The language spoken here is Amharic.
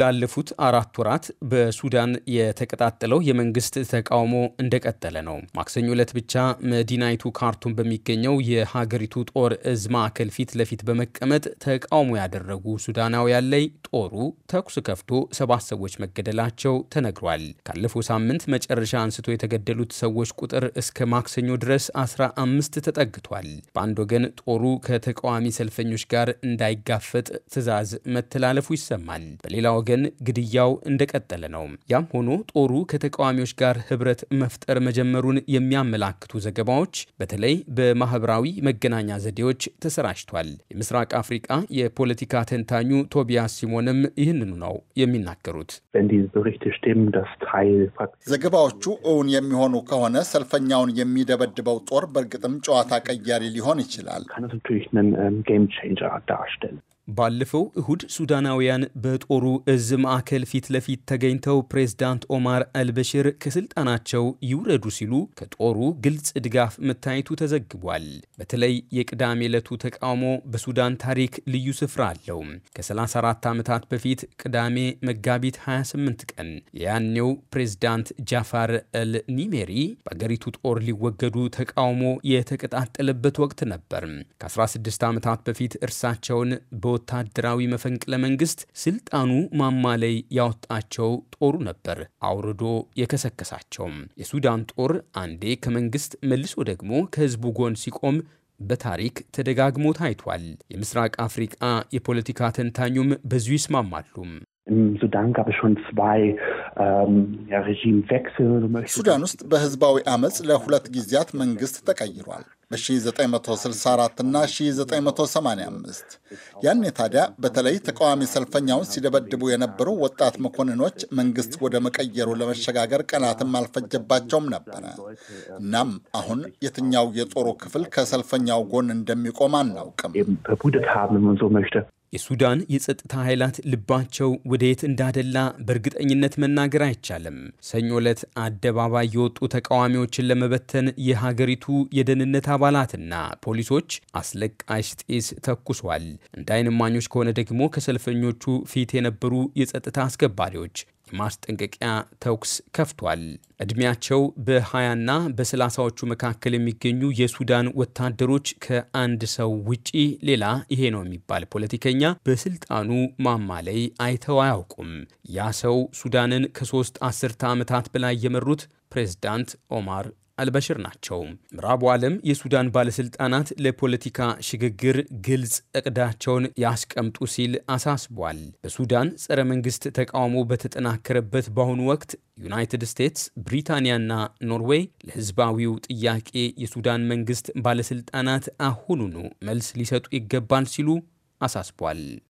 ላለፉት አራት ወራት በሱዳን የተቀጣጠለው የመንግስት ተቃውሞ እንደቀጠለ ነው። ማክሰኞ ዕለት ብቻ መዲናይቱ ካርቱም በሚገኘው የሀገሪቱ ጦር እዝ ማዕከል ፊት ለፊት በመቀመጥ ተቃውሞ ያደረጉ ሱዳናውያን ላይ ጦሩ ተኩስ ከፍቶ ሰባት ሰዎች መገደላቸው ተነግሯል። ካለፈው ሳምንት መጨረሻ አንስቶ የተገደሉት ሰዎች ቁጥር እስከ ማክሰኞ ድረስ አስራ አምስት ተጠግቷል። በአንድ ወገን ጦሩ ከተቃዋሚ ሰልፈኞች ጋር እንዳይጋፈጥ ትዕዛዝ መተላለፉ ይሰማል። በሌላ ወገን ግድያው እንደቀጠለ ነው። ያም ሆኖ ጦሩ ከተቃዋሚዎች ጋር ህብረት መፍጠር መጀመሩን የሚያመላክቱ ዘገባዎች በተለይ በማህበራዊ መገናኛ ዘዴዎች ተሰራጭቷል። የምስራቅ አፍሪቃ የፖለቲካ ተንታኙ ቶቢያስ ሲሞንም ይህንኑ ነው የሚናገሩት። ዘገባዎቹ እውን የሚሆኑ ከሆነ ሰልፈኛውን የሚደበድበው ጦር በእርግጥም ጨዋታ ቀያሪ ሊሆን ይችላል። ባለፈው እሁድ ሱዳናውያን በጦሩ እዝ ማዕከል ፊት ለፊት ተገኝተው ፕሬዝዳንት ኦማር አልበሽር ከስልጣናቸው ይውረዱ ሲሉ ከጦሩ ግልጽ ድጋፍ መታየቱ ተዘግቧል። በተለይ የቅዳሜ ዕለቱ ተቃውሞ በሱዳን ታሪክ ልዩ ስፍራ አለው። ከ34 ዓመታት በፊት ቅዳሜ መጋቢት 28 ቀን የያኔው ፕሬዝዳንት ጃፋር አል ኒሜሪ በአገሪቱ ጦር ሊወገዱ ተቃውሞ የተቀጣጠለበት ወቅት ነበር። ከ16 ዓመታት በፊት እርሳቸውን በ ወታደራዊ መፈንቅለ መንግስት ስልጣኑ ማማ ላይ ያወጣቸው ጦሩ ነበር አውርዶ የከሰከሳቸውም። የሱዳን ጦር አንዴ ከመንግስት መልሶ ደግሞ ከህዝቡ ጎን ሲቆም በታሪክ ተደጋግሞ ታይቷል። የምስራቅ አፍሪቃ የፖለቲካ ተንታኙም በዚሁ ይስማማሉ። Sudan gab es schon zwei ähm, ja, Regimewechsel. ሱዳን ውስጥ በህዝባዊ አመፅ ለሁለት ጊዜያት መንግስት ተቀይሯል። በ1964 እና 1985 ያኔ ታዲያ በተለይ ተቃዋሚ ሰልፈኛውን ሲደበድቡ የነበሩ ወጣት መኮንኖች መንግስት ወደ መቀየሩ ለመሸጋገር ቀናትም አልፈጀባቸውም ነበረ። እናም አሁን የትኛው የጦሩ ክፍል ከሰልፈኛው ጎን እንደሚቆም አናውቅም። የሱዳን የጸጥታ ኃይላት ልባቸው ወደየት እንዳደላ በእርግጠኝነት መናገር አይቻልም። ሰኞ ዕለት አደባባይ የወጡ ተቃዋሚዎችን ለመበተን የሀገሪቱ የደህንነት አባላትና ፖሊሶች አስለቃሽ ጢስ ተኩሷል። እንደ አይን እማኞች ከሆነ ደግሞ ከሰልፈኞቹ ፊት የነበሩ የጸጥታ አስከባሪዎች የማስጠንቀቂያ ተኩስ ከፍቷል። ዕድሜያቸው በሀያና በሰላሳዎቹ መካከል የሚገኙ የሱዳን ወታደሮች ከአንድ ሰው ውጪ ሌላ ይሄ ነው የሚባል ፖለቲከኛ በስልጣኑ ማማ ላይ አይተው አያውቁም። ያ ሰው ሱዳንን ከሶስት አስርተ ዓመታት በላይ የመሩት ፕሬዝዳንት ኦማር አልበሽር ናቸው። ምዕራቡ ዓለም የሱዳን ባለስልጣናት ለፖለቲካ ሽግግር ግልጽ እቅዳቸውን ያስቀምጡ ሲል አሳስቧል። በሱዳን ጸረ መንግስት ተቃውሞ በተጠናከረበት በአሁኑ ወቅት ዩናይትድ ስቴትስ፣ ብሪታንያና ኖርዌይ ለህዝባዊው ጥያቄ የሱዳን መንግስት ባለስልጣናት አሁኑኑ መልስ ሊሰጡ ይገባል ሲሉ አሳስቧል።